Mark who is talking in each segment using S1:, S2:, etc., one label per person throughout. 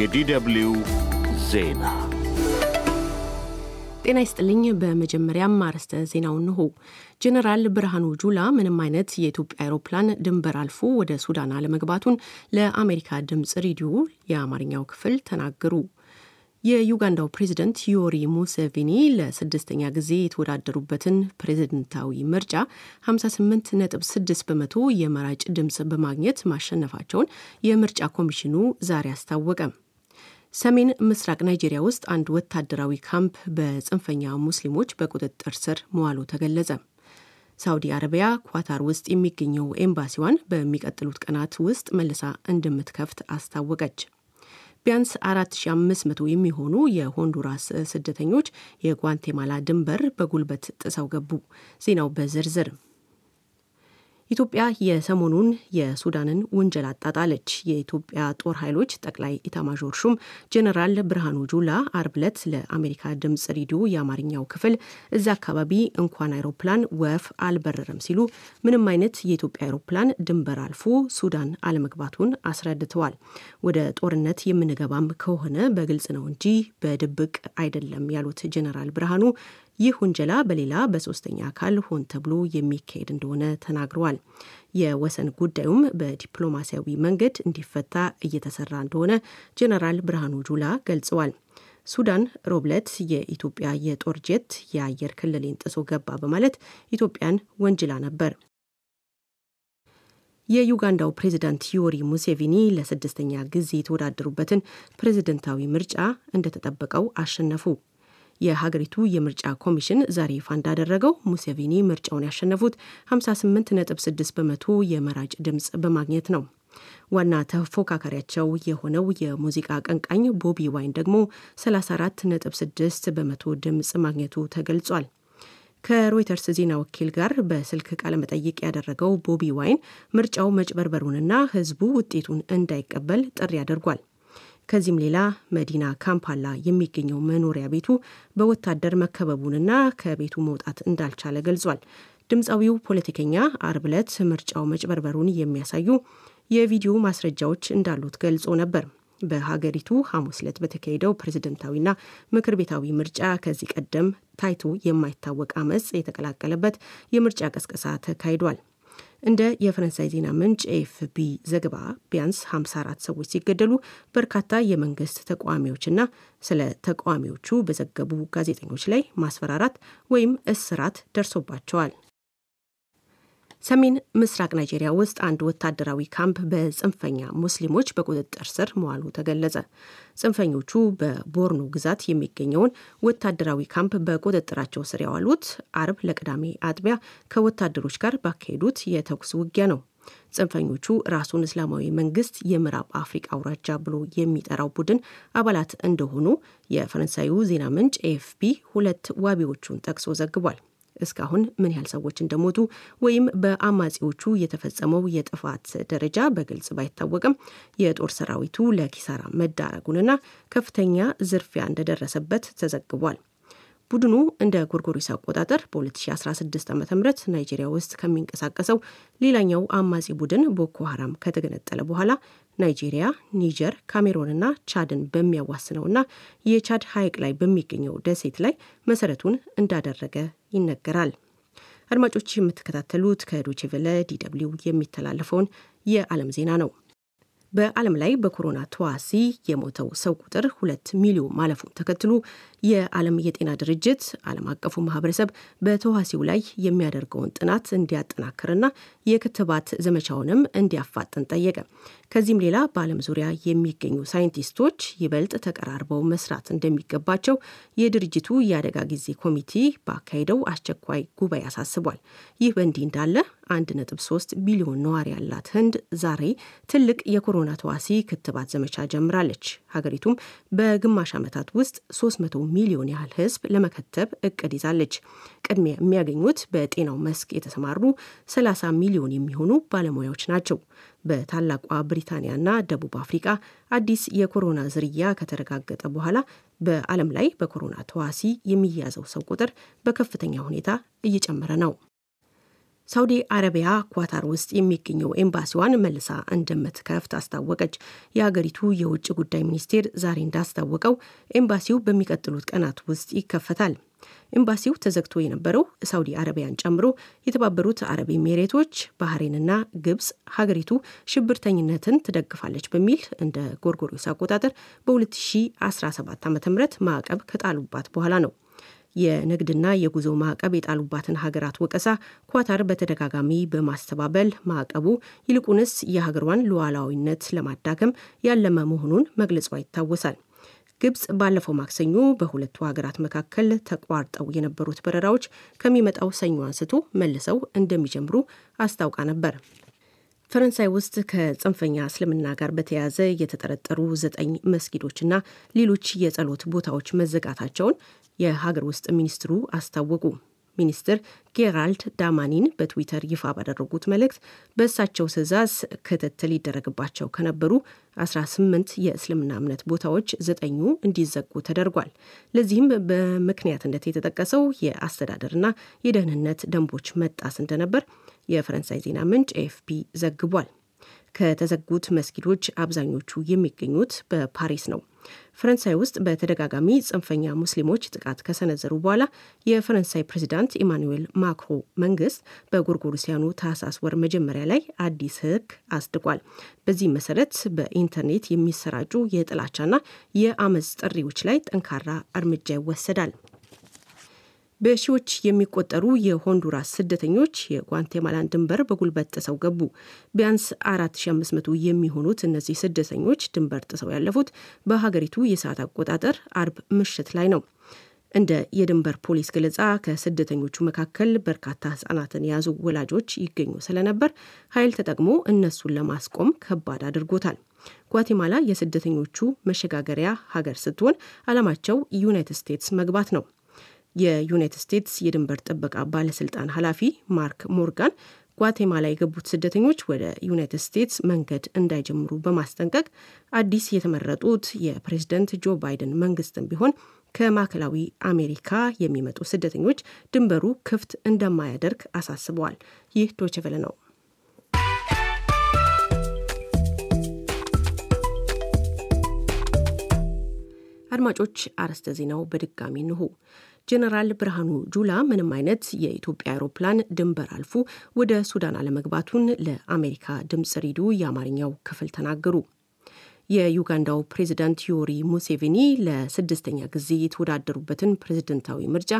S1: የዲደብሊው ዜና ጤና ይስጥልኝ። በመጀመሪያም አርዕስተ ዜናው እንሆ። ጀነራል ብርሃኑ ጁላ ምንም አይነት የኢትዮጵያ አውሮፕላን ድንበር አልፎ ወደ ሱዳን አለመግባቱን ለአሜሪካ ድምፅ ሬዲዮ የአማርኛው ክፍል ተናገሩ። የዩጋንዳው ፕሬዝደንት ዮሪ ሙሴቪኒ ለስድስተኛ ጊዜ የተወዳደሩበትን ፕሬዝደንታዊ ምርጫ 58.6 በመቶ የመራጭ ድምፅ በማግኘት ማሸነፋቸውን የምርጫ ኮሚሽኑ ዛሬ አስታወቀም። ሰሜን ምስራቅ ናይጄሪያ ውስጥ አንድ ወታደራዊ ካምፕ በጽንፈኛ ሙስሊሞች በቁጥጥር ስር መዋሉ ተገለጸ። ሳውዲ አረቢያ ኳታር ውስጥ የሚገኘው ኤምባሲዋን በሚቀጥሉት ቀናት ውስጥ መልሳ እንደምትከፍት አስታወቀች። ቢያንስ 4500 የሚሆኑ የሆንዱራስ ስደተኞች የጓንቴማላ ድንበር በጉልበት ጥሰው ገቡ። ዜናው በዝርዝር ኢትዮጵያ የሰሞኑን የሱዳንን ውንጀል አጣጣለች። የኢትዮጵያ ጦር ኃይሎች ጠቅላይ ኢታማዦር ሹም ጀነራል ብርሃኑ ጁላ አርብ ዕለት ለአሜሪካ ድምፅ ሬዲዮ የአማርኛው ክፍል እዛ አካባቢ እንኳን አይሮፕላን ወፍ አልበረረም ሲሉ ምንም አይነት የኢትዮጵያ አይሮፕላን ድንበር አልፎ ሱዳን አለመግባቱን አስረድተዋል። ወደ ጦርነት የምንገባም ከሆነ በግልጽ ነው እንጂ በድብቅ አይደለም ያሉት ጀነራል ብርሃኑ ይህ ውንጀላ በሌላ በሶስተኛ አካል ሆን ተብሎ የሚካሄድ እንደሆነ ተናግረዋል። የወሰን ጉዳዩም በዲፕሎማሲያዊ መንገድ እንዲፈታ እየተሰራ እንደሆነ ጀነራል ብርሃኑ ጁላ ገልጸዋል። ሱዳን ሮብለት የኢትዮጵያ የጦር ጄት የአየር ክልሌን ጥሶ ገባ በማለት ኢትዮጵያን ወንጅላ ነበር። የዩጋንዳው ፕሬዚዳንት ዮሪ ሙሴቪኒ ለስድስተኛ ጊዜ የተወዳደሩበትን ፕሬዝደንታዊ ምርጫ እንደተጠበቀው አሸነፉ። የሀገሪቱ የምርጫ ኮሚሽን ዛሬ ይፋ እንዳደረገው ሙሴቪኒ ምርጫውን ያሸነፉት 58.6 በመቶ የመራጭ ድምፅ በማግኘት ነው። ዋና ተፎካካሪያቸው የሆነው የሙዚቃ አቀንቃኝ ቦቢ ዋይን ደግሞ 34.6 በመቶ ድምፅ ማግኘቱ ተገልጿል። ከሮይተርስ ዜና ወኪል ጋር በስልክ ቃለመጠይቅ ያደረገው ቦቢ ዋይን ምርጫው መጭበርበሩንና ሕዝቡ ውጤቱን እንዳይቀበል ጥሪ አድርጓል። ከዚህም ሌላ መዲና ካምፓላ የሚገኘው መኖሪያ ቤቱ በወታደር መከበቡንና ከቤቱ መውጣት እንዳልቻለ ገልጿል። ድምፃዊው ፖለቲከኛ አርብ ዕለት ምርጫው መጭበርበሩን የሚያሳዩ የቪዲዮ ማስረጃዎች እንዳሉት ገልጾ ነበር። በሀገሪቱ ሐሙስ ዕለት በተካሄደው ፕሬዝደንታዊና ምክር ቤታዊ ምርጫ ከዚህ ቀደም ታይቶ የማይታወቅ አመፅ የተቀላቀለበት የምርጫ ቀስቀሳ ተካሂዷል። እንደ የፈረንሳይ ዜና ምንጭ ኤፍቢ ዘገባ ቢያንስ 54 ሰዎች ሲገደሉ በርካታ የመንግስት ተቃዋሚዎችና ስለ ተቃዋሚዎቹ በዘገቡ ጋዜጠኞች ላይ ማስፈራራት ወይም እስራት ደርሶባቸዋል። ሰሜን ምስራቅ ናይጄሪያ ውስጥ አንድ ወታደራዊ ካምፕ በጽንፈኛ ሙስሊሞች በቁጥጥር ስር መዋሉ ተገለጸ። ጽንፈኞቹ በቦርኖ ግዛት የሚገኘውን ወታደራዊ ካምፕ በቁጥጥራቸው ስር ያዋሉት አርብ ለቅዳሜ አጥቢያ ከወታደሮች ጋር ባካሄዱት የተኩስ ውጊያ ነው። ጽንፈኞቹ ራሱን እስላማዊ መንግስት የምዕራብ አፍሪቃ አውራጃ ብሎ የሚጠራው ቡድን አባላት እንደሆኑ የፈረንሳዩ ዜና ምንጭ ኤኤፍፒ ሁለት ዋቢዎቹን ጠቅሶ ዘግቧል። እስካሁን ምን ያህል ሰዎች እንደሞቱ ወይም በአማጺዎቹ የተፈጸመው የጥፋት ደረጃ በግልጽ ባይታወቅም የጦር ሰራዊቱ ለኪሳራ መዳረጉንና ከፍተኛ ዝርፊያ እንደደረሰበት ተዘግቧል። ቡድኑ እንደ ጎርጎሪስ አቆጣጠር በ2016 ዓ ም ናይጄሪያ ውስጥ ከሚንቀሳቀሰው ሌላኛው አማጺ ቡድን ቦኮ ሀራም ከተገነጠለ በኋላ ናይጄሪያ፣ ኒጀር፣ ካሜሮንና ቻድን በሚያዋስነውና የቻድ ሐይቅ ላይ በሚገኘው ደሴት ላይ መሰረቱን እንዳደረገ ይነገራል። አድማጮች የምትከታተሉት ከዶቼ ቬለ የሚተላለፈውን የዓለም ዜና ነው። በዓለም ላይ በኮሮና ተዋሲ የሞተው ሰው ቁጥር ሁለት ሚሊዮን ማለፉን ተከትሎ የዓለም የጤና ድርጅት ዓለም አቀፉ ማህበረሰብ በተዋሲው ላይ የሚያደርገውን ጥናት እንዲያጠናክርና የክትባት ዘመቻውንም እንዲያፋጥን ጠየቀ። ከዚህም ሌላ በዓለም ዙሪያ የሚገኙ ሳይንቲስቶች ይበልጥ ተቀራርበው መስራት እንደሚገባቸው የድርጅቱ የአደጋ ጊዜ ኮሚቴ ባካሄደው አስቸኳይ ጉባኤ አሳስቧል። ይህ በእንዲህ እንዳለ 1.3 ቢሊዮን ነዋሪ ያላት ህንድ ዛሬ ትልቅ የኮሮና ተዋሲ ክትባት ዘመቻ ጀምራለች። ሀገሪቱም በግማሽ ዓመታት ውስጥ 300 ሚሊዮን ያህል ህዝብ ለመከተብ እቅድ ይዛለች። ቅድሚያ የሚያገኙት በጤናው መስክ የተሰማሩ 30 ሚሊዮን የሚሆኑ ባለሙያዎች ናቸው። በታላቋ ብሪታንያና ደቡብ አፍሪቃ አዲስ የኮሮና ዝርያ ከተረጋገጠ በኋላ በዓለም ላይ በኮሮና ተዋሲ የሚያዘው ሰው ቁጥር በከፍተኛ ሁኔታ እየጨመረ ነው። ሳውዲ አረቢያ ኳታር ውስጥ የሚገኘው ኤምባሲዋን መልሳ እንደምትከፍት አስታወቀች። የአገሪቱ የውጭ ጉዳይ ሚኒስቴር ዛሬ እንዳስታወቀው ኤምባሲው በሚቀጥሉት ቀናት ውስጥ ይከፈታል። ኤምባሲው ተዘግቶ የነበረው ሳውዲ አረቢያን ጨምሮ የተባበሩት አረብ ኤሜሬቶች፣ ባህሬንና ግብፅ ሀገሪቱ ሽብርተኝነትን ትደግፋለች በሚል እንደ ጎርጎሪዮስ አቆጣጠር በ2017 ዓ ም ማዕቀብ ከጣሉባት በኋላ ነው። የንግድና የጉዞ ማዕቀብ የጣሉባትን ሀገራት ወቀሳ ኳታር በተደጋጋሚ በማስተባበል ማዕቀቡ ይልቁንስ የሀገሯን ሉዓላዊነት ለማዳከም ያለመ መሆኑን መግለጿ ይታወሳል። ግብጽ ባለፈው ማክሰኞ በሁለቱ ሀገራት መካከል ተቋርጠው የነበሩት በረራዎች ከሚመጣው ሰኞ አንስቶ መልሰው እንደሚጀምሩ አስታውቃ ነበር። ፈረንሳይ ውስጥ ከጽንፈኛ እስልምና ጋር በተያያዘ የተጠረጠሩ ዘጠኝ መስጊዶችና ሌሎች የጸሎት ቦታዎች መዘጋታቸውን የሀገር ውስጥ ሚኒስትሩ አስታወቁ። ሚኒስትር ጌራልድ ዳማኒን በትዊተር ይፋ ባደረጉት መልእክት በእሳቸው ትእዛዝ ክትትል ይደረግባቸው ከነበሩ 18 የእስልምና እምነት ቦታዎች ዘጠኙ እንዲዘጉ ተደርጓል። ለዚህም በምክንያትነት የተጠቀሰው የአስተዳደርና የደህንነት ደንቦች መጣስ እንደነበር የፈረንሳይ ዜና ምንጭ ኤፍፒ ዘግቧል። ከተዘጉት መስጊዶች አብዛኞቹ የሚገኙት በፓሪስ ነው። ፈረንሳይ ውስጥ በተደጋጋሚ ጽንፈኛ ሙስሊሞች ጥቃት ከሰነዘሩ በኋላ የፈረንሳይ ፕሬዚዳንት ኢማኑዌል ማክሮ መንግስት በጎርጎሮሲያኑ ታህሳስ ወር መጀመሪያ ላይ አዲስ ህግ አስድቋል። በዚህ መሰረት በኢንተርኔት የሚሰራጩ የጥላቻና የአመፅ ጥሪዎች ላይ ጠንካራ እርምጃ ይወሰዳል። በሺዎች የሚቆጠሩ የሆንዱራስ ስደተኞች የጓንቴማላን ድንበር በጉልበት ጥሰው ገቡ። ቢያንስ 4500 የሚሆኑት እነዚህ ስደተኞች ድንበር ጥሰው ያለፉት በሀገሪቱ የሰዓት አቆጣጠር አርብ ምሽት ላይ ነው። እንደ የድንበር ፖሊስ ገለጻ ከስደተኞቹ መካከል በርካታ ህጻናትን የያዙ ወላጆች ይገኙ ስለነበር ኃይል ተጠቅሞ እነሱን ለማስቆም ከባድ አድርጎታል። ጓቴማላ የስደተኞቹ መሸጋገሪያ ሀገር ስትሆን ዓላማቸው ዩናይትድ ስቴትስ መግባት ነው። የዩናይትድ ስቴትስ የድንበር ጥበቃ ባለስልጣን ኃላፊ ማርክ ሞርጋን ጓቴማላ የገቡት ስደተኞች ወደ ዩናይትድ ስቴትስ መንገድ እንዳይጀምሩ በማስጠንቀቅ አዲስ የተመረጡት የፕሬዝደንት ጆ ባይደን መንግስትም ቢሆን ከማዕከላዊ አሜሪካ የሚመጡ ስደተኞች ድንበሩ ክፍት እንደማያደርግ አሳስበዋል። ይህ ዶችቨለ ነው። አድማጮች አርስተ ዜናው በድጋሚ እንሆ። ጀነራል ብርሃኑ ጁላ ምንም አይነት የኢትዮጵያ አውሮፕላን ድንበር አልፎ ወደ ሱዳን አለመግባቱን ለአሜሪካ ድምፅ ሬዲዮ የአማርኛው ክፍል ተናገሩ። የዩጋንዳው ፕሬዚዳንት ዮሪ ሙሴቪኒ ለስድስተኛ ጊዜ የተወዳደሩበትን ፕሬዝደንታዊ ምርጫ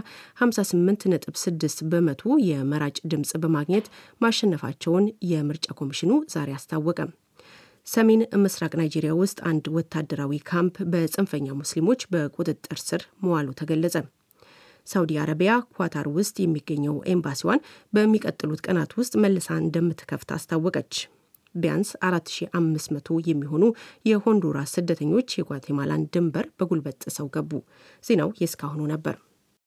S1: 58.6 በመቶ የመራጭ ድምፅ በማግኘት ማሸነፋቸውን የምርጫ ኮሚሽኑ ዛሬ አስታወቀም። ሰሜን ምስራቅ ናይጄሪያ ውስጥ አንድ ወታደራዊ ካምፕ በጽንፈኛ ሙስሊሞች በቁጥጥር ስር መዋሉ ተገለጸ። ሳውዲ አረቢያ ኳታር ውስጥ የሚገኘው ኤምባሲዋን በሚቀጥሉት ቀናት ውስጥ መልሳ እንደምትከፍት አስታወቀች። ቢያንስ 4500 የሚሆኑ የሆንዱራስ ስደተኞች የጓቴማላን ድንበር በጉልበት ጥሰው ገቡ። ዜናው የእስካሁኑ ነበር።